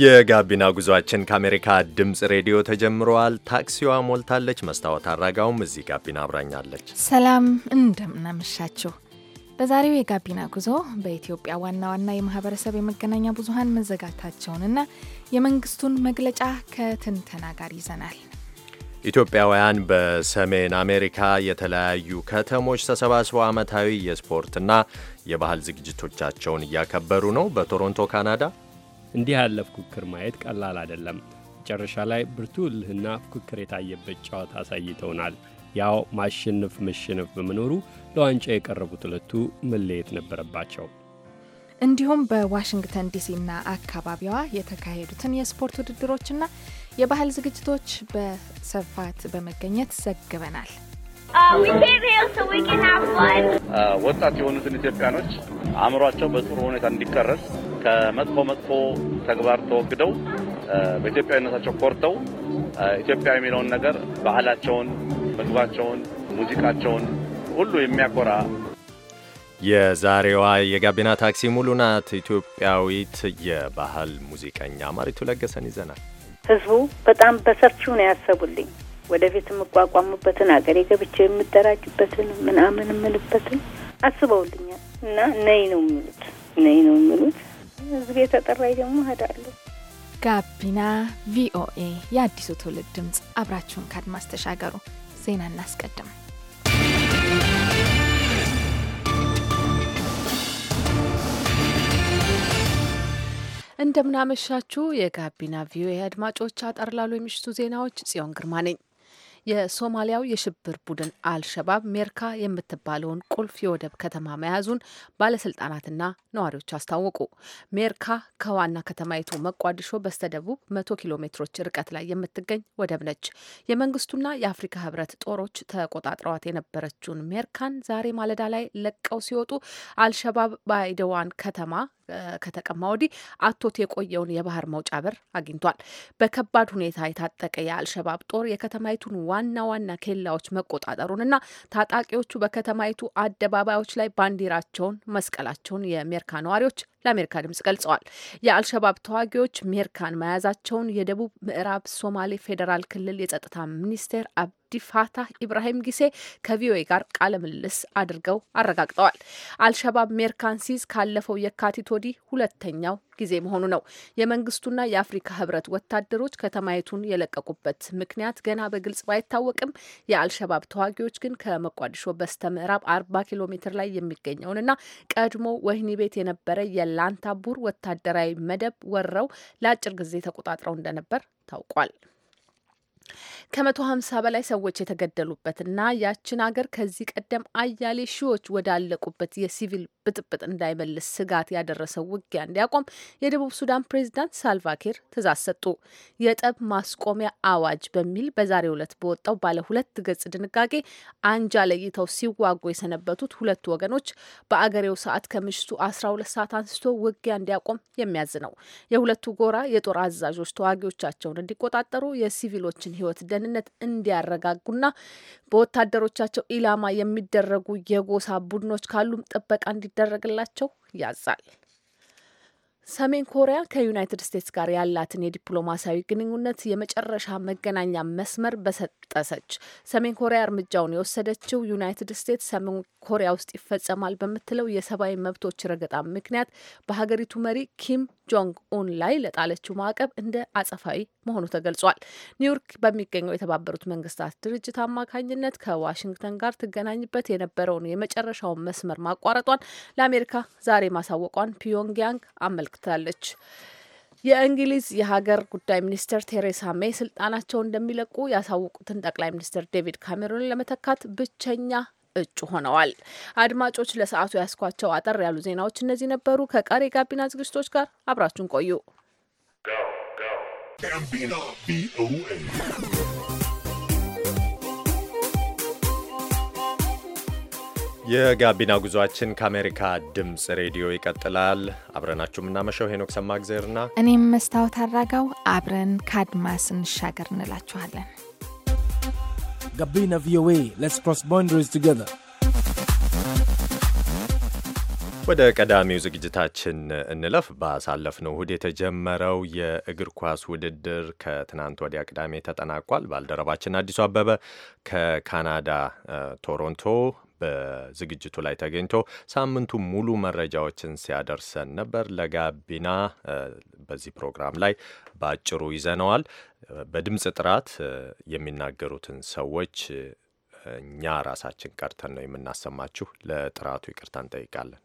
የጋቢና ጉዟችን ከአሜሪካ ድምፅ ሬዲዮ ተጀምረዋል። ታክሲዋ ሞልታለች። መስታወት አድራጋውም እዚህ ጋቢና አብራኛለች። ሰላም እንደምናመሻችሁ። በዛሬው የጋቢና ጉዞ በኢትዮጵያ ዋና ዋና የማህበረሰብ የመገናኛ ብዙሀን መዘጋታቸውንና የመንግስቱን መግለጫ ከትንተና ጋር ይዘናል። ኢትዮጵያውያን በሰሜን አሜሪካ የተለያዩ ከተሞች ተሰባስበው ዓመታዊ የስፖርትና የባህል ዝግጅቶቻቸውን እያከበሩ ነው። በቶሮንቶ ካናዳ እንዲህ ያለ ፉክክር ማየት ቀላል አይደለም። መጨረሻ ላይ ብርቱ እልህና ፉክክር የታየበት ጨዋታ አሳይተውናል። ያው ማሸነፍ መሸነፍ በመኖሩ ለዋንጫ የቀረቡት ሁለቱ መለየት ነበረባቸው። እንዲሁም በዋሽንግተን ዲሲና አካባቢዋ የተካሄዱትን የስፖርት ውድድሮችና የባህል ዝግጅቶች በስፋት በመገኘት ዘግበናል። uh, uh, ወጣት የሆኑትን ኢትዮጵያኖች አእምሯቸው በጥሩ ሁኔታ እንዲቀረጽ ከመጥፎ መጥፎ ተግባር ተወግደው በኢትዮጵያዊነታቸው ኮርተው ኢትዮጵያ የሚለውን ነገር ባህላቸውን፣ ምግባቸውን፣ ሙዚቃቸውን ሁሉ የሚያኮራ የዛሬዋ የጋቢና ታክሲ ሙሉ ናት። ኢትዮጵያዊት የባህል ሙዚቀኛ ማሪቱ ለገሰን ይዘናል። ህዝቡ በጣም በሰፊው ነው ያሰቡልኝ። ወደፊት የምቋቋሙበትን አገሬ ገብቼ የምደራጅበትን ምናምን የምልበትን አስበውልኛል እና ነይ ነው የሚሉት ነይ ነው የሚሉት ህዝብ የተጠራኝ ደግሞ እሄዳለሁ። ጋቢና ቪኦኤ የአዲሱ ትውልድ ድምፅ፣ አብራችሁን ከአድማስ ተሻገሩ። ዜና እናስቀድም። እንደምናመሻችሁ የጋቢና ቪኦኤ አድማጮች፣ አጠር ላሉ የምሽቱ ዜናዎች ጽዮን ግርማ ነኝ። የሶማሊያው የሽብር ቡድን አልሸባብ ሜርካ የምትባለውን ቁልፍ የወደብ ከተማ መያዙን ባለስልጣናትና ነዋሪዎች አስታወቁ። ሜርካ ከዋና ከተማይቱ መቋዲሾ በስተደቡብ መቶ ኪሎ ሜትሮች ርቀት ላይ የምትገኝ ወደብ ነች። የመንግስቱና የአፍሪካ ህብረት ጦሮች ተቆጣጥረዋት የነበረችውን ሜርካን ዛሬ ማለዳ ላይ ለቀው ሲወጡ አልሸባብ በአይደዋን ከተማ ከተቀማ ወዲህ አቶት የቆየውን የባህር መውጫ በር አግኝቷል። በከባድ ሁኔታ የታጠቀ የአልሸባብ ጦር የከተማይቱን ዋና ዋና ኬላዎች መቆጣጠሩንና ታጣቂዎቹ በከተማይቱ አደባባዮች ላይ ባንዲራቸውን መስቀላቸውን የሜርካ ነዋሪዎች ለአሜሪካ ድምጽ ገልጸዋል። የአልሸባብ ተዋጊዎች ሜርካን መያዛቸውን የደቡብ ምዕራብ ሶማሌ ፌዴራል ክልል የጸጥታ ሚኒስቴር ፋታህ ኢብራሂም ጊሴ ከቪኦኤ ጋር ቃለ ምልልስ አድርገው አረጋግጠዋል። አልሸባብ ሜርካንሲዝ ካለፈው የካቲት ወዲህ ሁለተኛው ጊዜ መሆኑ ነው። የመንግስቱና የአፍሪካ ህብረት ወታደሮች ከተማይቱን የለቀቁበት ምክንያት ገና በግልጽ ባይታወቅም የአልሸባብ ተዋጊዎች ግን ከመቋዲሾ በስተ ምዕራብ አርባ ኪሎ ሜትር ላይ የሚገኘውንና ቀድሞ ወህኒ ቤት የነበረ የላንታቡር ወታደራዊ መደብ ወረው ለአጭር ጊዜ ተቆጣጥረው እንደነበር ታውቋል። ከመቶ ሀምሳ በላይ ሰዎች የተገደሉበትና ያችን አገር ከዚህ ቀደም አያሌ ሺዎች ወዳለቁበት የሲቪል ብጥብጥ እንዳይመልስ ስጋት ያደረሰው ውጊያ እንዲያቆም የደቡብ ሱዳን ፕሬዚዳንት ሳልቫኪር ትእዛዝ ሰጡ። የጠብ ማስቆሚያ አዋጅ በሚል በዛሬው ዕለት በወጣው ባለ ሁለት ገጽ ድንጋጌ አንጃ ለይተው ሲዋጉ የሰነበቱት ሁለቱ ወገኖች በአገሬው ሰዓት ከምሽቱ 12 ሰዓት አንስቶ ውጊያ እንዲያቆም የሚያዝ ነው። የሁለቱ ጎራ የጦር አዛዦች ተዋጊዎቻቸውን እንዲቆጣጠሩ የሲቪሎችን ህይወት ደህንነት እንዲያረጋጉና በወታደሮቻቸው ኢላማ የሚደረጉ የጎሳ ቡድኖች ካሉም ጥበቃ እንዲደረግላቸው ያዛል። ሰሜን ኮሪያ ከዩናይትድ ስቴትስ ጋር ያላትን የዲፕሎማሲያዊ ግንኙነት የመጨረሻ መገናኛ መስመር በሰጠሰች። ሰሜን ኮሪያ እርምጃውን የወሰደችው ዩናይትድ ስቴትስ ሰሜን ኮሪያ ውስጥ ይፈጸማል በምትለው የሰብአዊ መብቶች ረገጣ ምክንያት በሀገሪቱ መሪ ኪም ጆንግ ኡን ላይ ለጣለችው ማዕቀብ እንደ አጸፋዊ መሆኑ ተገልጿል። ኒውዮርክ በሚገኘው የተባበሩት መንግስታት ድርጅት አማካኝነት ከዋሽንግተን ጋር ትገናኝበት የነበረውን የመጨረሻውን መስመር ማቋረጧን ለአሜሪካ ዛሬ ማሳወቋን ፒዮንግያንግ አመልክታለች። የእንግሊዝ የሀገር ጉዳይ ሚኒስትር ቴሬሳ ሜይ ስልጣናቸውን እንደሚለቁ ያሳወቁትን ጠቅላይ ሚኒስትር ዴቪድ ካሜሮን ለመተካት ብቸኛ እጩ ሆነዋል። አድማጮች ለሰዓቱ ያስኳቸው አጠር ያሉ ዜናዎች እነዚህ ነበሩ። ከቀሪ ጋቢና ዝግጅቶች ጋር አብራችሁን ቆዩ። የጋቢና ጉዟችን ከአሜሪካ ድምፅ ሬዲዮ ይቀጥላል። አብረናችሁ የምናመሸው ሄኖክ ሰማግዜርና እኔም መስታወት አራጋው አብረን ከአድማስ እንሻገር እንላችኋለን። Gabina VOA Let's cross boundaries together። ወደ ቀዳሚው ዝግጅታችን እንለፍ። ባሳለፍነው እሁድ የተጀመረው የእግር ኳስ ውድድር ከትናንት ወዲያ ቅዳሜ ተጠናቋል። ባልደረባችን አዲሱ አበበ ከካናዳ ቶሮንቶ በዝግጅቱ ላይ ተገኝቶ ሳምንቱ ሙሉ መረጃዎችን ሲያደርሰን ነበር። ለጋቢና በዚህ ፕሮግራም ላይ በአጭሩ ይዘነዋል። በድምፅ ጥራት የሚናገሩትን ሰዎች እኛ ራሳችን ቀርተን ነው የምናሰማችሁ። ለጥራቱ ይቅርታ እንጠይቃለን።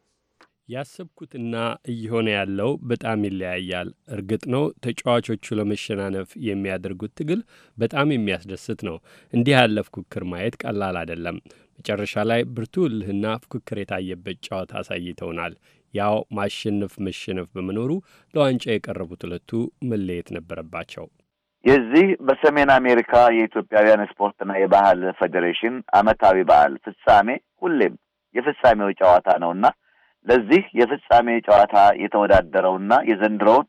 ያሰብኩትና እየሆነ ያለው በጣም ይለያያል። እርግጥ ነው ተጫዋቾቹ ለመሸናነፍ የሚያደርጉት ትግል በጣም የሚያስደስት ነው። እንዲህ ያለ ፉክክር ማየት ቀላል አይደለም። መጨረሻ ላይ ብርቱ እልህና ፉክክር የታየበት ጨዋታ አሳይተውናል። ያው ማሸነፍ መሸነፍ በመኖሩ ለዋንጫ የቀረቡት ሁለቱ መለየት ነበረባቸው። የዚህ በሰሜን አሜሪካ የኢትዮጵያውያን ስፖርትና የባህል ፌዴሬሽን ዓመታዊ በዓል ፍጻሜ ሁሌም የፍጻሜው ጨዋታ ነውና ለዚህ የፍጻሜ ጨዋታ የተወዳደረውና የዘንድሮውን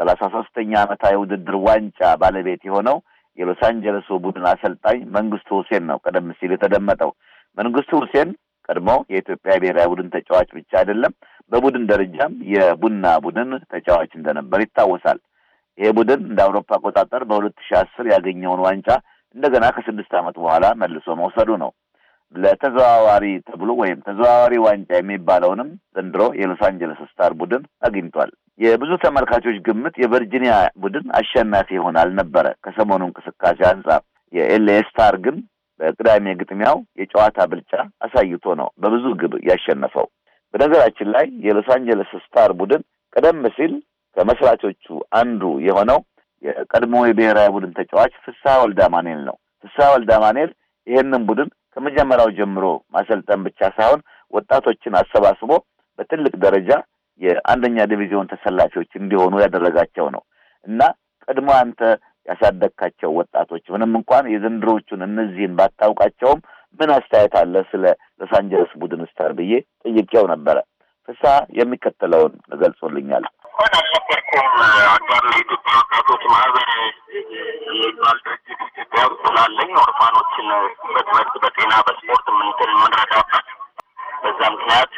ሰላሳ ሶስተኛ ዓመታዊ ውድድር ዋንጫ ባለቤት የሆነው የሎስ አንጀለሱ ቡድን አሰልጣኝ መንግስቱ ሁሴን ነው ቀደም ሲል የተደመጠው። መንግስቱ ሁሴን ቀድሞ የኢትዮጵያ ብሔራዊ ቡድን ተጫዋች ብቻ አይደለም፣ በቡድን ደረጃም የቡና ቡድን ተጫዋች እንደነበር ይታወሳል። ይሄ ቡድን እንደ አውሮፓ አቆጣጠር በሁለት ሺህ አስር ያገኘውን ዋንጫ እንደገና ከስድስት ዓመት በኋላ መልሶ መውሰዱ ነው። ለተዘዋዋሪ ተብሎ ወይም ተዘዋዋሪ ዋንጫ የሚባለውንም ዘንድሮ የሎስ አንጀለስ ስታር ቡድን አግኝቷል። የብዙ ተመልካቾች ግምት የቨርጂኒያ ቡድን አሸናፊ ይሆናል ነበረ ከሰሞኑ እንቅስቃሴ አንጻር። የኤልኤ ስታር ግን በቅዳሜ ግጥሚያው የጨዋታ ብልጫ አሳይቶ ነው በብዙ ግብ ያሸነፈው። በነገራችን ላይ የሎስ አንጀለስ ስታር ቡድን ቀደም ሲል ከመስራቾቹ አንዱ የሆነው የቀድሞ የብሔራዊ ቡድን ተጫዋች ፍስሐ ወልዳ ነው። ፍስሐ ወልዳማኔል ማኔል ቡድን ከመጀመሪያው ጀምሮ ማሰልጠን ብቻ ሳይሆን ወጣቶችን አሰባስቦ በትልቅ ደረጃ የአንደኛ ዲቪዚዮን ተሰላፊዎች እንዲሆኑ ያደረጋቸው ነው እና ቀድሞ አንተ ያሳደግካቸው ወጣቶች ምንም እንኳን የዘንድሮቹን እነዚህን ባታውቃቸውም ምን አስተያየት አለ ስለ ሎስ አንጀለስ ቡድን ስታር ብዬ ጠይቄው ነበረ። ፍስሐ የሚከተለውን ገልጾልኛል። የሚባል ድርጅት ኢትዮጵያ ውስጥ ስላለኝ ኦርፋኖችን በትምህርት፣ በጤና፣ በስፖርት የምንትል የምንረዳበት በዛ ምክንያት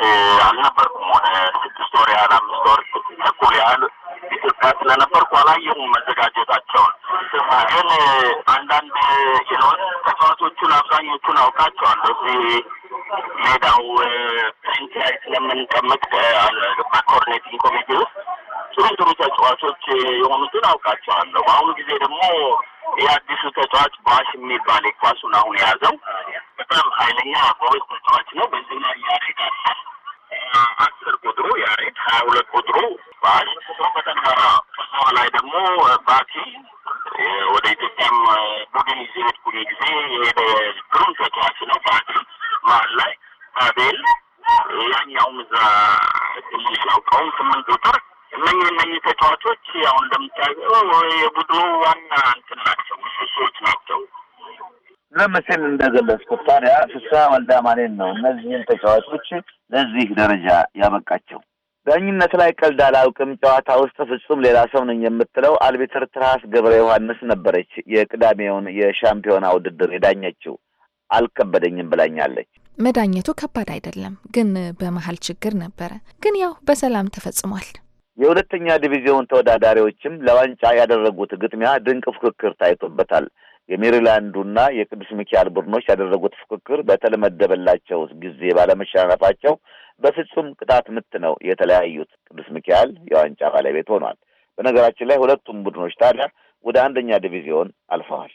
አልነበርኩም። ወደ ስድስት ወር ያህል አምስት ወር ተኩል ያህል ኢትዮጵያ ስለነበርኩ አላየሁም መዘጋጀታቸውን። ግን አንዳንድ ይኖን ተጫዋቾቹን አብዛኞቹን አውቃቸዋለሁ እዚህ ሜዳው ፕሪንት ላይ ስለምንቀምጥ በኮኦርዲኔቲንግ ኮሚቴ ውስጥ ጥሩ ጥሩ ተጫዋቾች eh, የሆኑትን አውቃቸዋለሁ። በአሁኑ ጊዜ ደግሞ የአዲሱ ተጫዋች ባሽ የሚባል የኳሱን አሁን የያዘው በጣም ኃይለኛ ጎበዝ ተጫዋች ነው። በዚህ ላይ ያሬድ አስር ቁጥሩ ያሬድ፣ ሀያ ሁለት ቁጥሩ ባሽ፣ በጠንካራ ላይ ደግሞ ባኪ ወደ ኢትዮጵያም ቡድን ይዤ ሄድኩኝ ጊዜ የሄደ ግሩም ተጫዋች ነው። ባኪ መሀል ላይ አቤል ያኛውም እዛ ትንሽ ያውቀውም ስምንት ቁጥር እነኝ እነኚህ ተጫዋቾች ያው እንደምታየው የቡድኑ ዋና እንትን ናቸው፣ ምሰሶዎች ናቸው። ለምስል እንደገለጽኩት ታዲያ ፍስሐ ወልዳ ነው እነዚህን ተጫዋቾች ለዚህ ደረጃ ያበቃቸው። ዳኝነት ላይ ቀልድ አላውቅም፣ ጨዋታ ውስጥ ፍጹም ሌላ ሰው ነኝ የምትለው አልቢትር ትራስ ገብረ ዮሐንስ ነበረች። የቅዳሜውን የሻምፒዮና ውድድር የዳኘችው አልከበደኝም ብላኛለች። መዳኘቱ ከባድ አይደለም፣ ግን በመሀል ችግር ነበረ። ግን ያው በሰላም ተፈጽሟል። የሁለተኛ ዲቪዚዮን ተወዳዳሪዎችም ለዋንጫ ያደረጉት ግጥሚያ ድንቅ ፉክክር ታይቶበታል። የሜሪላንዱና የቅዱስ ሚካኤል ቡድኖች ያደረጉት ፉክክር በተለመደበላቸው ጊዜ ባለመሸናነፋቸው በፍጹም ቅጣት ምት ነው የተለያዩት። ቅዱስ ሚካኤል የዋንጫ ባለቤት ሆኗል። በነገራችን ላይ ሁለቱም ቡድኖች ታዲያ ወደ አንደኛ ዲቪዚዮን አልፈዋል።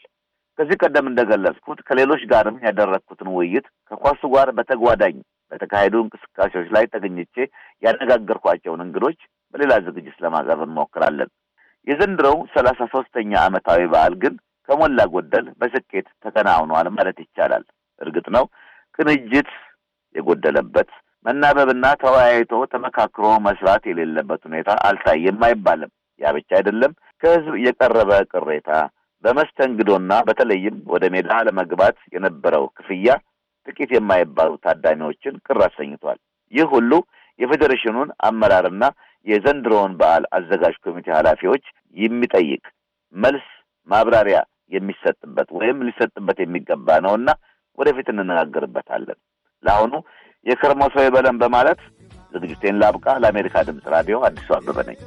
ከዚህ ቀደም እንደገለጽኩት ከሌሎች ጋርም ያደረግኩትን ውይይት ከኳሱ ጋር በተጓዳኝ በተካሄዱ እንቅስቃሴዎች ላይ ተገኝቼ ያነጋገርኳቸውን እንግዶች በሌላ ዝግጅት ለማቅረብ እንሞክራለን። የዘንድሮው ሰላሳ ሶስተኛ ዓመታዊ በዓል ግን ከሞላ ጎደል በስኬት ተከናውኗል ማለት ይቻላል። እርግጥ ነው ቅንጅት የጎደለበት መናበብና ተወያይቶ ተመካክሮ መስራት የሌለበት ሁኔታ አልታየም አይባልም። ያ ብቻ አይደለም። ከህዝብ የቀረበ ቅሬታ፣ በመስተንግዶና በተለይም ወደ ሜዳ ለመግባት የነበረው ክፍያ ጥቂት የማይባሉ ታዳሚዎችን ቅር አሰኝቷል። ይህ ሁሉ የፌዴሬሽኑን አመራርና የዘንድሮውን በዓል አዘጋጅ ኮሚቴ ኃላፊዎች የሚጠይቅ መልስ ማብራሪያ የሚሰጥበት ወይም ሊሰጥበት የሚገባ ነውና ወደፊት እንነጋገርበታለን። ለአሁኑ የከርሞ ሰው ይበለን በማለት ዝግጅቴን ላብቃ። ለአሜሪካ ድምፅ ራዲዮ አዲሱ አበበ ነኝ።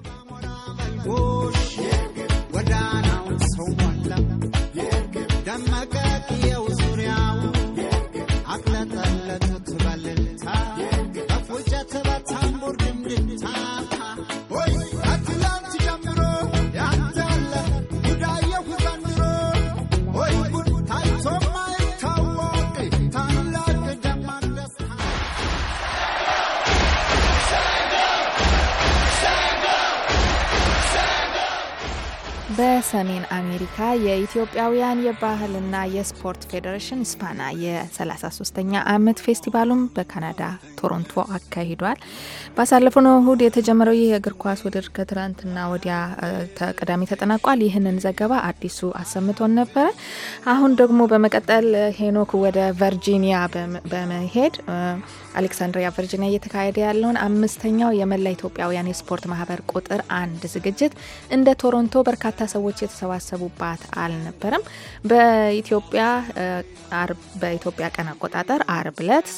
በሰሜን አሜሪካ የኢትዮጵያውያን የባህልና የስፖርት ፌዴሬሽን ስፓና የ33ኛ ዓመት ፌስቲቫሉም በካናዳ ቶሮንቶ አካሂዷል። ባሳለፍነው እሁድ የተጀመረው ይህ የእግር ኳስ ውድድር ከትናንትና ወዲያ ቅዳሜ ተጠናቋል። ይህንን ዘገባ አዲሱ አሰምቶን ነበረ። አሁን ደግሞ በመቀጠል ሄኖክ ወደ ቨርጂኒያ በመሄድ አሌክሳንድሪያ ቨርጂኒያ እየተካሄደ ያለውን አምስተኛው የመላ ኢትዮጵያውያን የስፖርት ማህበር ቁጥር አንድ ዝግጅት እንደ ቶሮንቶ በርካታ ሰዎች የተሰባሰቡባት አልነበረም። በኢትዮጵያ በኢትዮጵያ ቀን አቆጣጠር አርብ ዕለት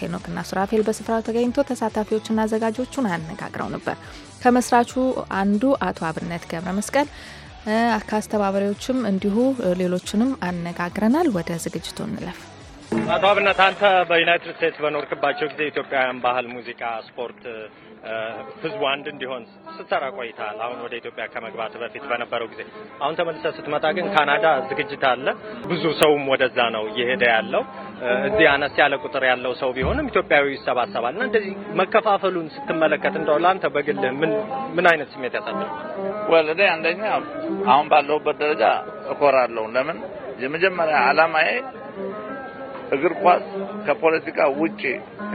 ሄኖክና ሱራፌል በስፍራው ተገኝቶ ተሳታፊዎችና አዘጋጆቹን አነጋግረው ነበር። ከመስራቹ አንዱ አቶ አብነት ገብረ መስቀል ከአስተባባሪዎችም እንዲሁ ሌሎችንም አነጋግረናል። ወደ ዝግጅቱ እንለፍ። አቶ አብነት አንተ በዩናይትድ ስቴትስ በኖርክባቸው ጊዜ ኢትዮጵያውያን ባህል፣ ሙዚቃ፣ ስፖርት ህዝቡ አንድ እንዲሆን ስትሰራ ቆይታል። አሁን ወደ ኢትዮጵያ ከመግባት በፊት በነበረው ጊዜ አሁን ተመልሰ ስትመጣ ግን ካናዳ ዝግጅት አለ። ብዙ ሰውም ወደዛ ነው እየሄደ ያለው። እዚህ አነስ ያለ ቁጥር ያለው ሰው ቢሆንም ኢትዮጵያዊ ይሰባሰባል እና እንደዚህ መከፋፈሉን ስትመለከት እንደው ለአንተ በግል ምን ምን አይነት ስሜት ያሳድራል? ወል እኔ አንደኛ አሁን ባለሁበት ደረጃ እኮራለሁ። ለምን የመጀመሪያ ዓላማዬ እግር ኳስ ከፖለቲካ ውጪ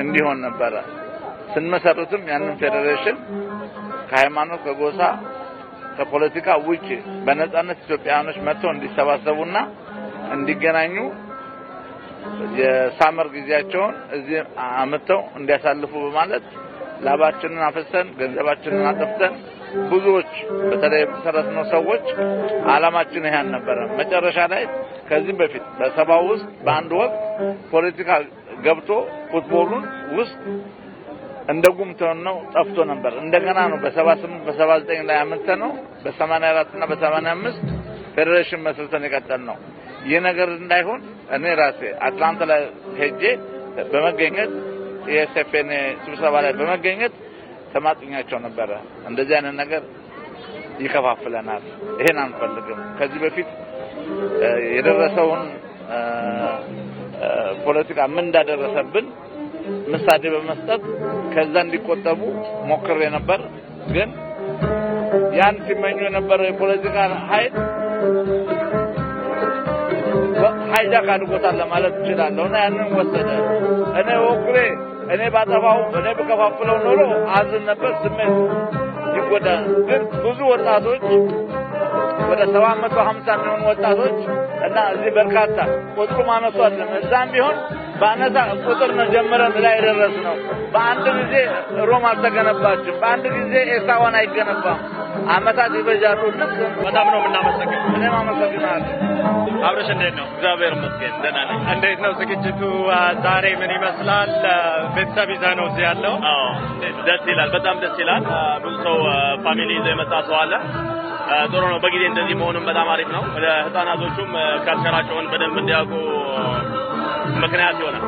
እንዲሆን ነበረ። ስንመሰርትም ያንን ፌዴሬሽን ከሃይማኖት፣ ከጎሳ፣ ከፖለቲካ ውጭ በነጻነት ኢትዮጵያውያኖች መጥተው እንዲሰባሰቡና እንዲገናኙ የሳመር ጊዜያቸውን እዚህ አመተው እንዲያሳልፉ በማለት ላባችንን አፈሰን ገንዘባችንን አጠፍተን ብዙዎች በተለይ ነው ሰዎች አላማችን ይሄ አልነበረ። መጨረሻ ላይ ከዚህ በፊት በሰባው ውስጥ በአንድ ወቅት ፖለቲካ ገብቶ ፉትቦሉን ውስጥ እንደ ጉምተን ነው ጠፍቶ ነበር። እንደገና ነው በ78 በ79 ላይ አመተ ነው በ84 እና በ85 ፌዴሬሽን መስርተን የቀጠል ነው። ይህ ነገር እንዳይሆን እኔ ራሴ አትላንታ ላይ ሄጄ በመገኘት የኤስኤፍኤን ስብሰባ ላይ በመገኘት ተማጥኛቸው ነበረ። እንደዚህ አይነት ነገር ይከፋፍለናል፣ ይሄን አንፈልግም። ከዚህ በፊት የደረሰውን ፖለቲካ ምን እንዳደረሰብን ምሳሌ በመስጠት ከዛ እንዲቆጠቡ ሞክሬ ነበር። ግን ያን ሲመኙ የነበረ የፖለቲካ ኃይል ሀይጃክ አድርጎታል ለማለት እችላለሁ እና ያንን ወሰደ። እኔ ወኩሬ እኔ ባጠፋው እኔ ብከፋፍለው ኖሮ አዝን ነበር፣ ስሜት ይጎዳ። ግን ብዙ ወጣቶች ወደ ሰባት መቶ ሀምሳ የሚሆኑ ወጣቶች እና እዚህ በርካታ ቁጥሩ ማነሱ አይደለም እዛም ቢሆን በአነሳ ቁጥር ነው ጀምረን ላይ የደረስ ነው። በአንድ ጊዜ ሮም አልተገነባችም። በአንድ ጊዜ ኤሳዋን አይገነባም። አመታት ይበጃሉ። ልክ በጣም ነው የምናመሰግን። እኔም አመሰግናለሁ። አብረሽ እንዴት ነው? እግዚአብሔር ይመስገን ደህና ነኝ። እንዴት ነው ዝግጅቱ ዛሬ ምን ይመስላል? ቤተሰብ ይዘህ ነው እዚህ ያለው? አዎ ደስ ይላል። በጣም ደስ ይላል። ብዙ ሰው ፋሚሊ ይዘው የመጣ ሰው አለ። ጥሩ ነው። በጊዜ እንደዚህ መሆኑም በጣም አሪፍ ነው። ለህፃናቶቹም ካልቸራቸውን በደንብ እንዲያውቁ looking out, Jonah.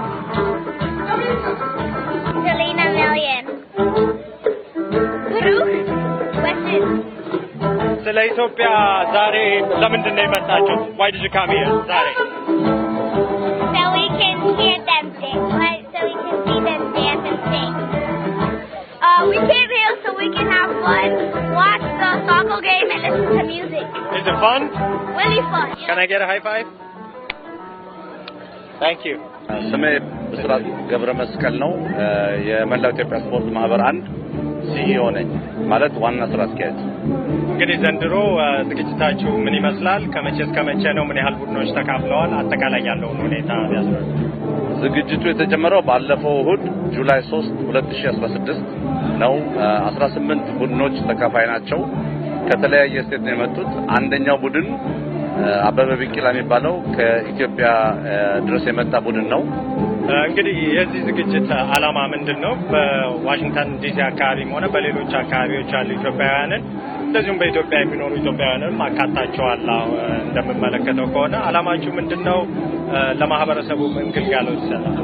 Selena Million. ብሩክ ወስን ስለ ኢትዮጵያ ዛሬ ለምንድን ነው የመጣችሁት? ዋይ ዲድ ዩ ካም ሂር So we can hear them sing. Right? So we can see them dance and sing. Uh, we came here so we can have fun, watch the soccer game, and listen to music. Is it fun? Really fun. Can I get a high five? ስሜ ብስራት ገብረ መስቀል ነው። የመላው ኢትዮጵያ ስፖርት ማህበር አንድ ሲኢኦ ነኝ፣ ማለት ዋና ስራ አስኪያጅ። እንግዲህ ዘንድሮ ዝግጅታችሁ ምን ይመስላል? ከመቼ እስከ መቼ ነው? ምን ያህል ቡድኖች ተካፍለዋል? አጠቃላይ ያለውን ሁኔታ ያስረዱ። ዝግጅቱ የተጀመረው ባለፈው እሁድ ጁላይ 3 2016 ነው። 18 ቡድኖች ተካፋይ ናቸው። ከተለያየ ስቴት ነው የመጡት። አንደኛው ቡድን አበበ ቢቂላ የሚባለው ከኢትዮጵያ ድረስ የመጣ ቡድን ነው። እንግዲህ የዚህ ዝግጅት ዓላማ ምንድን ነው? በዋሽንግተን ዲሲ አካባቢም ሆነ በሌሎች አካባቢዎች ያሉ ኢትዮጵያውያንን እንደዚሁም በኢትዮጵያ የሚኖሩ ኢትዮጵያውያንም አካታቸዋል። እንደምመለከተው ከሆነ ዓላማችሁ ምንድን ነው? ለማህበረሰቡ ምን ግልጋሎት ይሰጣል?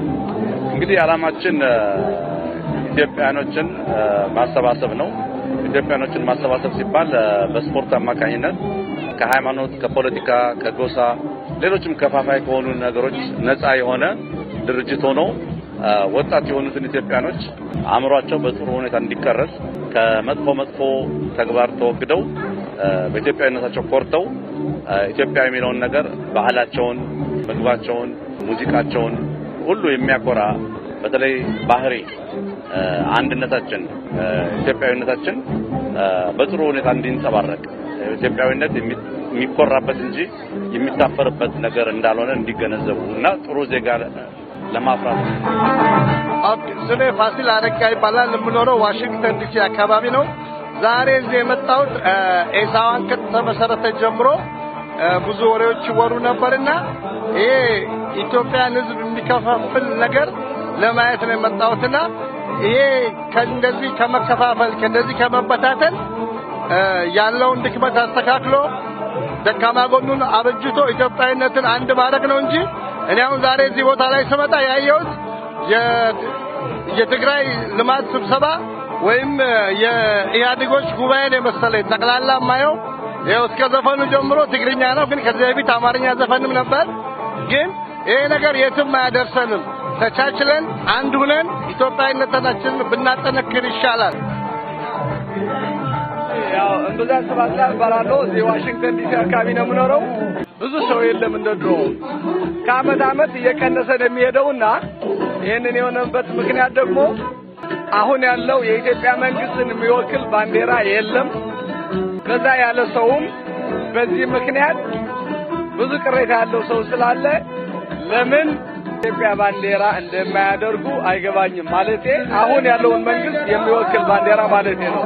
እንግዲህ ዓላማችን ኢትዮጵያኖችን ማሰባሰብ ነው። ኢትዮጵያኖችን ማሰባሰብ ሲባል በስፖርት አማካኝነት ከሃይማኖት፣ ከፖለቲካ፣ ከጎሳ ሌሎችም ከፋፋይ ከሆኑ ነገሮች ነፃ የሆነ ድርጅት ሆኖ ወጣት የሆኑትን ኢትዮጵያኖች አእምሯቸው በጥሩ ሁኔታ እንዲቀረጽ ከመጥፎ መጥፎ ተግባር ተወግደው በኢትዮጵያዊነታቸው ኮርተው ኢትዮጵያ የሚለውን ነገር ባህላቸውን፣ ምግባቸውን፣ ሙዚቃቸውን ሁሉ የሚያኮራ በተለይ ባህሪ አንድነታችን፣ ኢትዮጵያዊነታችን በጥሩ ሁኔታ እንዲንጸባረቅ ኢትዮጵያዊነት የሚኮራበት እንጂ የሚታፈርበት ነገር እንዳልሆነ እንዲገነዘቡ እና ጥሩ ዜጋ ለማፍራት ስሜ ፋሲል አረጋ ይባላል። የምኖረው ዋሽንግተን ዲሲ አካባቢ ነው። ዛሬ እዚህ የመጣሁት ኤሳዋን ከተመሰረተ ጀምሮ ብዙ ወሬዎች ይወሩ ነበርና ይሄ ኢትዮጵያን ሕዝብ የሚከፋፍል ነገር ለማየት ነው የመጣሁትና ይሄ ከእንደዚህ ከመከፋፈል ከእንደዚህ ከመበታተል ያለውን ድክመት አስተካክሎ ደካማ ጎኑን አበጅቶ ኢትዮጵያዊነትን አንድ ማድረግ ነው እንጂ እኔ አሁን ዛሬ እዚህ ቦታ ላይ ስመጣ ያየሁት የትግራይ ልማት ስብሰባ ወይም የኢህአዴጎች ነው የመሰለኝ ጠቅላላ ማየው ይኸው እስከ ዘፈኑ ጀምሮ ትግርኛ ነው፣ ግን ከዚህ በፊት አማርኛ ዘፈንም ነበር። ግን ይሄ ነገር የትም አያደርሰንም። ተቻችለን አንድ ሁነን ኢትዮጵያዊነታችንን ብናጠነክር ይሻላል። ያው እምብዛን ስባስላል እባላለሁ። እዚህ ዋሽንግተን ዲሲ አካባቢ ነው የምኖረው። ብዙ ሰው የለም እንደ ድሮ። ከአመት አመት እየቀነሰ ነው የሚሄደውና ይህንን የሆነበት ምክንያት ደግሞ አሁን ያለው የኢትዮጵያ መንግስትን የሚወክል ባንዲራ የለም። በዛ ያለ ሰውም በዚህ ምክንያት ብዙ ቅሬታ ያለው ሰው ስላለ ለምን ኢትዮጵያ ባንዲራ እንደማያደርጉ አይገባኝም። ማለቴ አሁን ያለውን መንግስት የሚወክል ባንዲራ ማለቴ ነው።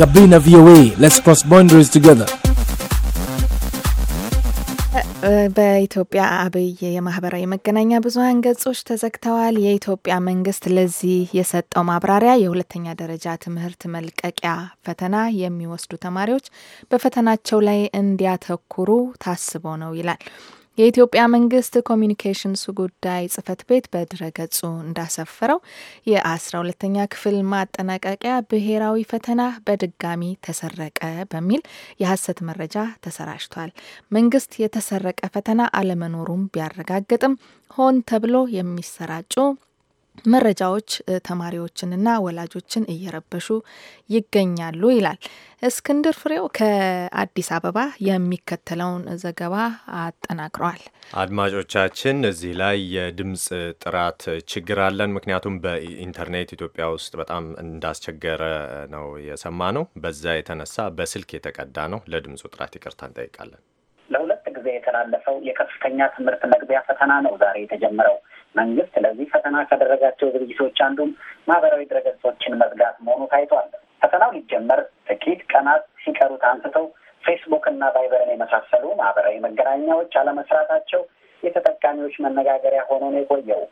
Gabina VOA Let's cross boundaries together። በኢትዮጵያ አብይ የማህበራዊ መገናኛ ብዙኃን ገጾች ተዘግተዋል። የኢትዮጵያ መንግስት ለዚህ የሰጠው ማብራሪያ የሁለተኛ ደረጃ ትምህርት መልቀቂያ ፈተና የሚወስዱ ተማሪዎች በፈተናቸው ላይ እንዲያተኩሩ ታስቦ ነው ይላል። የኢትዮጵያ መንግስት ኮሚኒኬሽንስ ጉዳይ ጽህፈት ቤት በድረገጹ እንዳሰፈረው የአስራ ሁለተኛ ክፍል ማጠናቀቂያ ብሔራዊ ፈተና በድጋሚ ተሰረቀ በሚል የሐሰት መረጃ ተሰራጭቷል። መንግስት የተሰረቀ ፈተና አለመኖሩም ቢያረጋግጥም ሆን ተብሎ የሚሰራጩ መረጃዎች ተማሪዎችንና ወላጆችን እየረበሹ ይገኛሉ ይላል እስክንድር ፍሬው ከአዲስ አበባ የሚከተለውን ዘገባ አጠናቅረዋል። አድማጮቻችን፣ እዚህ ላይ የድምፅ ጥራት ችግር አለን። ምክንያቱም በኢንተርኔት ኢትዮጵያ ውስጥ በጣም እንዳስቸገረ ነው የሰማ ነው። በዛ የተነሳ በስልክ የተቀዳ ነው። ለድምፁ ጥራት ይቅርታ እንጠይቃለን። ለሁለት ጊዜ የተላለፈው የከፍተኛ ትምህርት መግቢያ ፈተና ነው ዛሬ የተጀመረው። መንግስት ለዚህ ፈተና ካደረጋቸው ዝግጅቶች አንዱም ማህበራዊ ድረገጾችን መዝጋት መሆኑ ታይቷል። ፈተናው ሊጀመር ጥቂት ቀናት ሲቀሩት አንስተው ፌስቡክ እና ቫይበርን የመሳሰሉ ማህበራዊ መገናኛዎች አለመስራታቸው የተጠቃሚዎች መነጋገሪያ ሆኖ ነው የቆየው።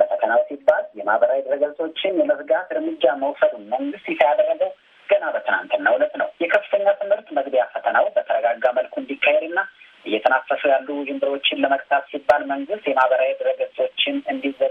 ለፈተናው ሲባል የማህበራዊ ድረገጾችን የመዝጋት እርምጃ መውሰዱን መንግስት ይፋ ያደረገው ገና በትናንትና እውነት ነው። የከፍተኛ ትምህርት መግቢያ ፈተናው በተረጋጋ መልኩ እንዲካሄድና እየተናፈሱ ያሉ ውዥንብሮችን ለመቅታት ሲባል መንግስት የማህበራዊ ድረገጽ and, and the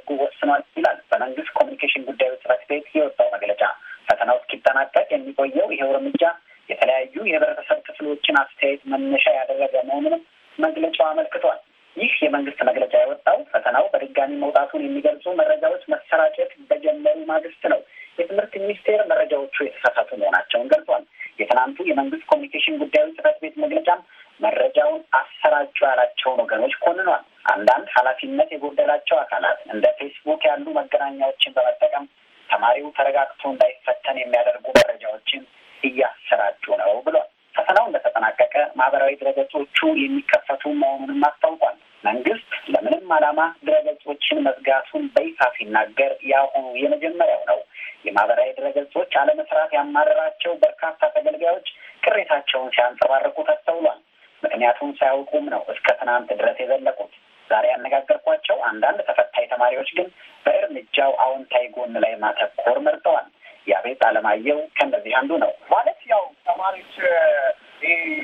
ገጾች አለመስራት ያማረራቸው በርካታ ተገልጋዮች ቅሬታቸውን ሲያንጸባርቁ ተስተውሏል። ምክንያቱም ሳያውቁም ነው እስከ ትናንት ድረስ የዘለቁት። ዛሬ ያነጋገርኳቸው አንዳንድ ተፈታኝ ተማሪዎች ግን በእርምጃው አዎንታዊ ጎን ላይ ማተኮር መርጠዋል። ያቤት አለማየሁ ከእነዚህ አንዱ ነው። ማለት ያው ተማሪዎች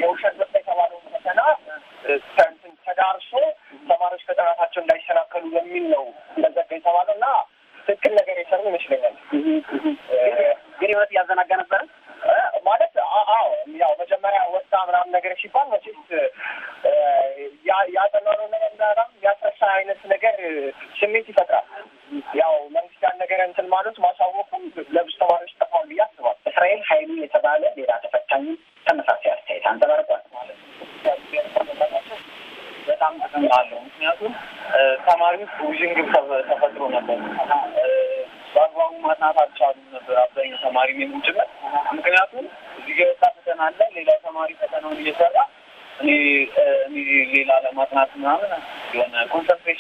የውሸት ወጣ የተባለው ፈተና ተዳርሶ ተማሪዎች ከጥናታቸው እንዳይሰናከሉ የሚል ነው እንደዘጋ የተባለው እና ትክክል ነገር የሰሩ ይመስለኛል። ግን ህይወት እያዘናጋ ነበረ ማለት አዎ፣ ያው መጀመሪያ ወጣ ምናምን ነገር ሲባል መቼስ ያጠናነው ነገር እንዳራም ያጠሳ አይነት ነገር ስሜት ይፈጥራል። ያው መንግስት ያን ነገር እንትን ማለት ማሳወቁም ለብዙ ተማሪዎች ጠፋሉ ብዬ አስባለሁ። እስራኤል ሀይሉ የተባለ ሌላ ተፈታኝ ተመሳሳይ አስተያየት አንጸባርቋል ማለት ነው። በጣም ጥቅም አለው። ምክንያቱም ተማሪዎች ውዥንግብ ተፈጥሮ ነበር፣ በአግባቡ ማጥናት አልቻሉም ነበር አብዛኛው ተማሪ እኔንም ጭምር። ምክንያቱም እዚህ ገበታ ፈተና አለ፣ ሌላ ተማሪ ፈተናውን እየሰራ እኔ ሌላ ለማጥናት ምናምን የሆነ ኮንሰንትሬሽን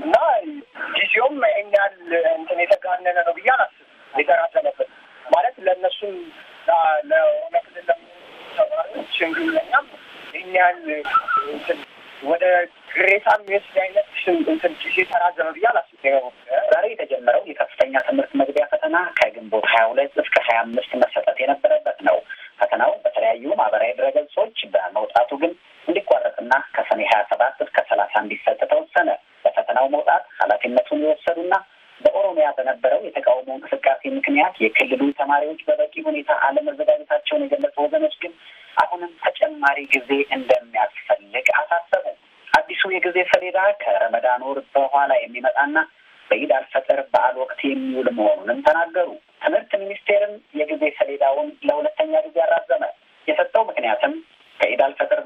እና ጊዜውም ይሄን ያህል እንትን የተጋነነ ነው ብዬ አላስብም። የተራዘመበት ማለት ለእነሱም ለኦነግ ተማሪዎች እንዲሁም ይህን ያህል እንትን ወደ ግሬታ የሚወስድ አይነት እንትን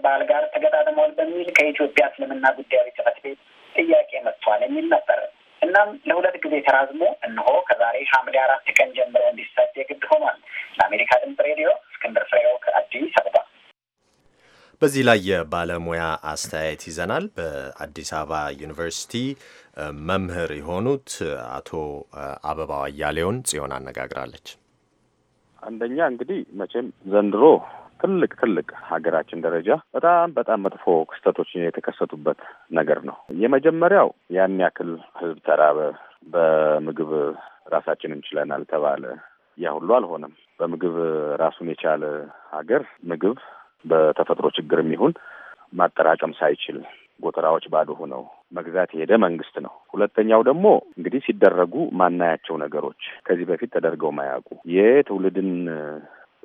ባህል ጋር ተገጣጥመዋል በሚል ከኢትዮጵያ እስልምና ጉዳዮች ጽሕፈት ቤት ጥያቄ መጥቷል የሚል ነበር። እናም ለሁለት ጊዜ ተራዝሞ እነሆ ከዛሬ ሐምሌ አራት ቀን ጀምሮ እንዲሰጥ የግድ ሆኗል። ለአሜሪካ ድምፅ ሬዲዮ እስክንድር ፍሬው ከአዲስ አበባ። በዚህ ላይ የባለሙያ አስተያየት ይዘናል። በአዲስ አበባ ዩኒቨርሲቲ መምህር የሆኑት አቶ አበባው አያሌውን ጽዮን አነጋግራለች። አንደኛ እንግዲህ መቼም ዘንድሮ ትልቅ ትልቅ ሀገራችን ደረጃ በጣም በጣም መጥፎ ክስተቶች የተከሰቱበት ነገር ነው። የመጀመሪያው ያን ያክል ህዝብ ተራበ፣ በምግብ ራሳችን እንችለናል ተባለ። ያ ሁሉ አልሆነም። በምግብ ራሱን የቻለ ሀገር ምግብ በተፈጥሮ ችግርም ይሁን ማጠራቀም ሳይችል ጎተራዎች ባዶ ሆነው መግዛት የሄደ መንግስት ነው። ሁለተኛው ደግሞ እንግዲህ ሲደረጉ ማናያቸው ነገሮች ከዚህ በፊት ተደርገው ማያውቁ የትውልድን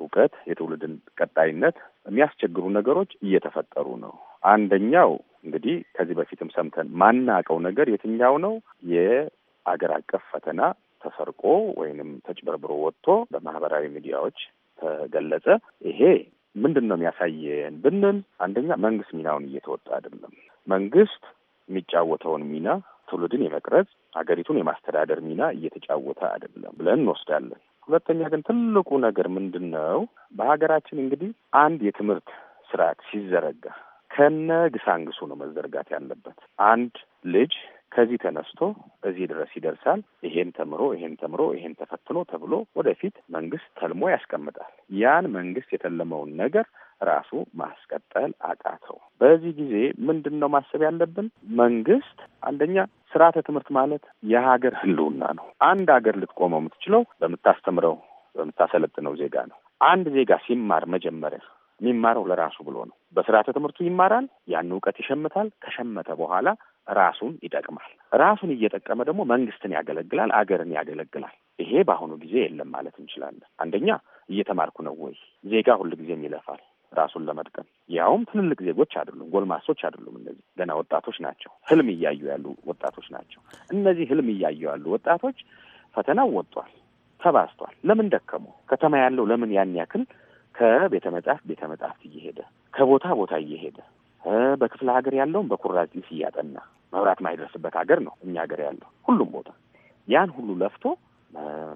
እውቀት፣ የትውልድን ቀጣይነት የሚያስቸግሩ ነገሮች እየተፈጠሩ ነው። አንደኛው እንግዲህ ከዚህ በፊትም ሰምተን ማናቀው ነገር የትኛው ነው? የአገር አቀፍ ፈተና ተሰርቆ ወይንም ተጭበርብሮ ወጥቶ በማህበራዊ ሚዲያዎች ተገለጸ። ይሄ ምንድን ነው የሚያሳየን ብንል አንደኛ መንግስት ሚናውን እየተወጣ አይደለም። መንግስት የሚጫወተውን ሚና ትውልድን የመቅረጽ ሀገሪቱን የማስተዳደር ሚና እየተጫወተ አይደለም ብለን እንወስዳለን። ሁለተኛ ግን ትልቁ ነገር ምንድን ነው? በሀገራችን እንግዲህ አንድ የትምህርት ስርዓት ሲዘረጋ ከነ ግሳንግሱ ነው መዘርጋት ያለበት። አንድ ልጅ ከዚህ ተነስቶ እዚህ ድረስ ይደርሳል፣ ይሄን ተምሮ ይሄን ተምሮ ይሄን ተፈትኖ ተብሎ ወደፊት መንግስት ተልሞ ያስቀምጣል። ያን መንግስት የተለመውን ነገር ራሱ ማስቀጠል አቃተው። በዚህ ጊዜ ምንድን ነው ማሰብ ያለብን? መንግስት አንደኛ ስርዓተ ትምህርት ማለት የሀገር ህልውና ነው። አንድ ሀገር ልትቆመው የምትችለው በምታስተምረው በምታሰለጥነው ዜጋ ነው። አንድ ዜጋ ሲማር መጀመሪያ የሚማረው ለራሱ ብሎ ነው። በስርዓተ ትምህርቱ ይማራል፣ ያን እውቀት ይሸምታል። ከሸመተ በኋላ ራሱን ይጠቅማል። ራሱን እየጠቀመ ደግሞ መንግስትን ያገለግላል፣ አገርን ያገለግላል። ይሄ በአሁኑ ጊዜ የለም ማለት እንችላለን። አንደኛ እየተማርኩ ነው ወይ? ዜጋ ጊዜም ይለፋል። ራሱን ለመጥቀም ያውም ትልልቅ ዜጎች አይደሉም፣ ጎልማሶች አይደሉም። እነዚህ ገና ወጣቶች ናቸው፣ ህልም እያዩ ያሉ ወጣቶች ናቸው። እነዚህ ህልም እያዩ ያሉ ወጣቶች ፈተናው ወጥቷል፣ ተባዝቷል። ለምን ደከሙ? ከተማ ያለው ለምን ያን ያክል ከቤተ መጽሐፍት ቤተ መጽሐፍት እየሄደ ከቦታ ቦታ እየሄደ በክፍለ ሀገር ያለውን በኩራዚስ እያጠና መብራት ማይደርስበት ሀገር ነው እኛ ሀገር ያለው ሁሉም ቦታ ያን ሁሉ ለፍቶ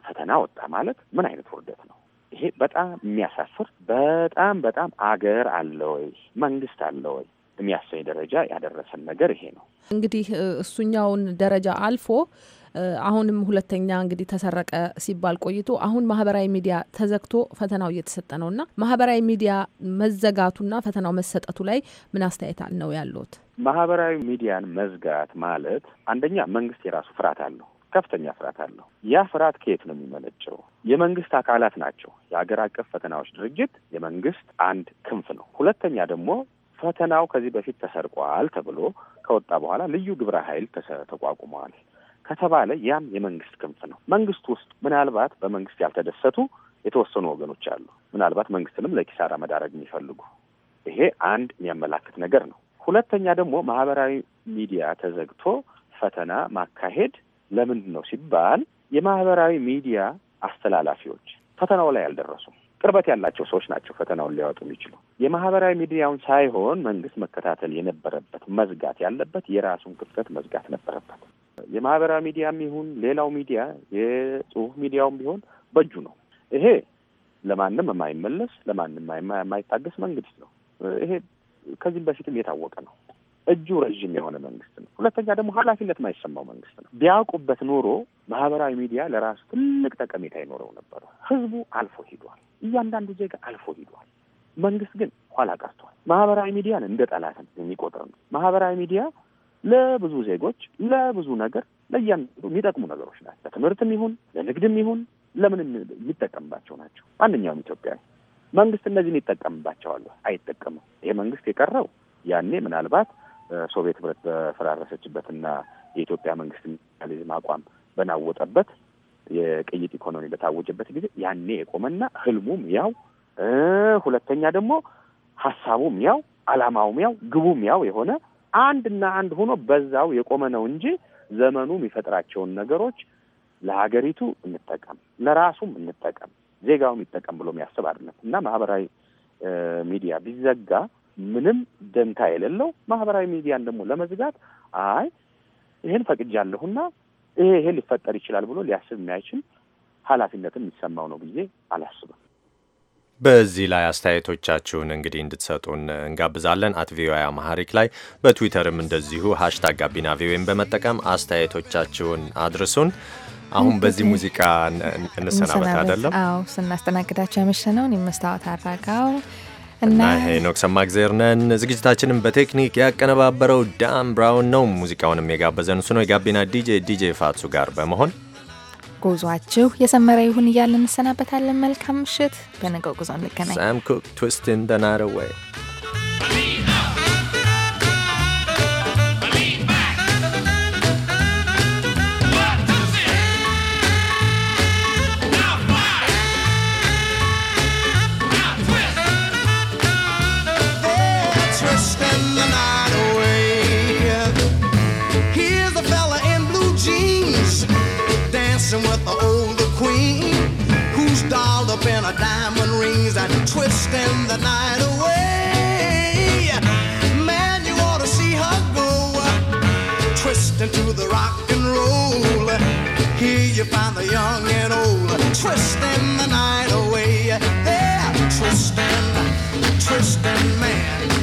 ፈተና ወጣ ማለት ምን አይነት ውርደት ነው? ይሄ በጣም የሚያሳፍር በጣም በጣም አገር አለ ወይ መንግስት አለ ወይ የሚያሰኝ ደረጃ ያደረሰን ነገር ይሄ ነው። እንግዲህ እሱኛውን ደረጃ አልፎ አሁንም ሁለተኛ እንግዲህ ተሰረቀ ሲባል ቆይቶ አሁን ማህበራዊ ሚዲያ ተዘግቶ ፈተናው እየተሰጠ ነውና ማህበራዊ ሚዲያ መዘጋቱና ፈተናው መሰጠቱ ላይ ምን አስተያየት ነው ያለት? ማህበራዊ ሚዲያን መዝጋት ማለት አንደኛ መንግስት የራሱ ፍርሃት አለው። ከፍተኛ ፍርሃት አለው። ያ ፍርሃት ከየት ነው የሚመነጨው? የመንግስት አካላት ናቸው። የሀገር አቀፍ ፈተናዎች ድርጅት የመንግስት አንድ ክንፍ ነው። ሁለተኛ ደግሞ ፈተናው ከዚህ በፊት ተሰርቋል ተብሎ ከወጣ በኋላ ልዩ ግብረ ኃይል ተቋቁመዋል ከተባለ ያም የመንግስት ክንፍ ነው። መንግስት ውስጥ ምናልባት በመንግስት ያልተደሰቱ የተወሰኑ ወገኖች አሉ። ምናልባት መንግስትንም ለኪሳራ መዳረግ የሚፈልጉ ይሄ አንድ የሚያመላክት ነገር ነው። ሁለተኛ ደግሞ ማህበራዊ ሚዲያ ተዘግቶ ፈተና ማካሄድ ለምንድን ነው ሲባል የማህበራዊ ሚዲያ አስተላላፊዎች ፈተናው ላይ አልደረሱም። ቅርበት ያላቸው ሰዎች ናቸው ፈተናውን ሊያወጡ የሚችሉ። የማህበራዊ ሚዲያውን ሳይሆን መንግስት መከታተል የነበረበት መዝጋት ያለበት የራሱን ክፍተት መዝጋት ነበረበት። የማህበራዊ ሚዲያም ይሁን ሌላው ሚዲያ የጽሁፍ ሚዲያውም ቢሆን በእጁ ነው። ይሄ ለማንም የማይመለስ ለማንም የማይታገስ መንግስት ነው። ይሄ ከዚህም በፊትም የታወቀ ነው። እጁ ረዥም የሆነ መንግስት ነው። ሁለተኛ ደግሞ ኃላፊነት የማይሰማው መንግስት ነው። ቢያውቁበት ኖሮ ማህበራዊ ሚዲያ ለራሱ ትልቅ ጠቀሜታ ይኖረው ነበረ። ህዝቡ አልፎ ሂዷል። እያንዳንዱ ዜጋ አልፎ ሂዷል። መንግስት ግን ኋላ ቀርቷል። ማህበራዊ ሚዲያን እንደ ጠላትን የሚቆጥር ነው። ማህበራዊ ሚዲያ ለብዙ ዜጎች ለብዙ ነገር ለእያንዳንዱ የሚጠቅሙ ነገሮች ናቸው። ለትምህርትም ይሁን ለንግድም ይሁን ለምን የሚጠቀምባቸው ናቸው። ማንኛውም ኢትዮጵያ መንግስት እነዚህን ይጠቀምባቸዋሉ አይጠቀምም። ይሄ መንግስት የቀረው ያኔ ምናልባት ሶቪየት ህብረት በፈራረሰችበትና የኢትዮጵያ መንግስት ሚኒስትሪያሊዝም አቋም በናወጠበት የቅይጥ ኢኮኖሚ በታወጀበት ጊዜ ያኔ የቆመና ህልሙም ያው ሁለተኛ ደግሞ ሀሳቡም ያው አላማውም ያው ግቡም ያው የሆነ አንድና አንድ ሆኖ በዛው የቆመ ነው እንጂ ዘመኑ የሚፈጥራቸውን ነገሮች ለሀገሪቱ እንጠቀም፣ ለራሱም እንጠቀም፣ ዜጋውም ይጠቀም ብሎ የሚያስብ አይደለም እና ማህበራዊ ሚዲያ ቢዘጋ ምንም ደንታ የሌለው ማህበራዊ ሚዲያን ደግሞ ለመዝጋት አይ ይሄን ፈቅጃለሁና ይሄ ይሄ ሊፈጠር ይችላል ብሎ ሊያስብ የሚያይችል ኃላፊነትም የሚሰማው ነው ብዬ አላስብም። በዚህ ላይ አስተያየቶቻችሁን እንግዲህ እንድትሰጡን እንጋብዛለን። አት ቪኦኤ አማሐሪክ ላይ በትዊተርም እንደዚሁ ሀሽታግ ጋቢና ቪኦኤን በመጠቀም አስተያየቶቻችሁን አድርሱን። አሁን በዚህ ሙዚቃ እንሰናበት አይደለም? አዎ ስናስተናግዳቸው የመስታወት አራጋው እና ሄኖክስ ማግዜር ነን። ዝግጅታችንን በቴክኒክ ያቀነባበረው ዳን ብራውን ነው። ሙዚቃውንም የጋበዘን እሱ ነው። የጋቢና ዲጄ ዲጄ ፋቱ ጋር በመሆን ጉዟችሁ የሰመረ ይሁን እያልን እንሰናበታለን። መልካም ምሽት። በነገው ጉዞ እንገናኝ። ሳም ኩክ ትዊስት ኢን ዘ ናይት አዌይ and diamond rings that twist in the night away. Man, you ought to see her go, twist into the rock and roll. Here you find the young and old, twisting the night away. yeah, twisting, twisting man.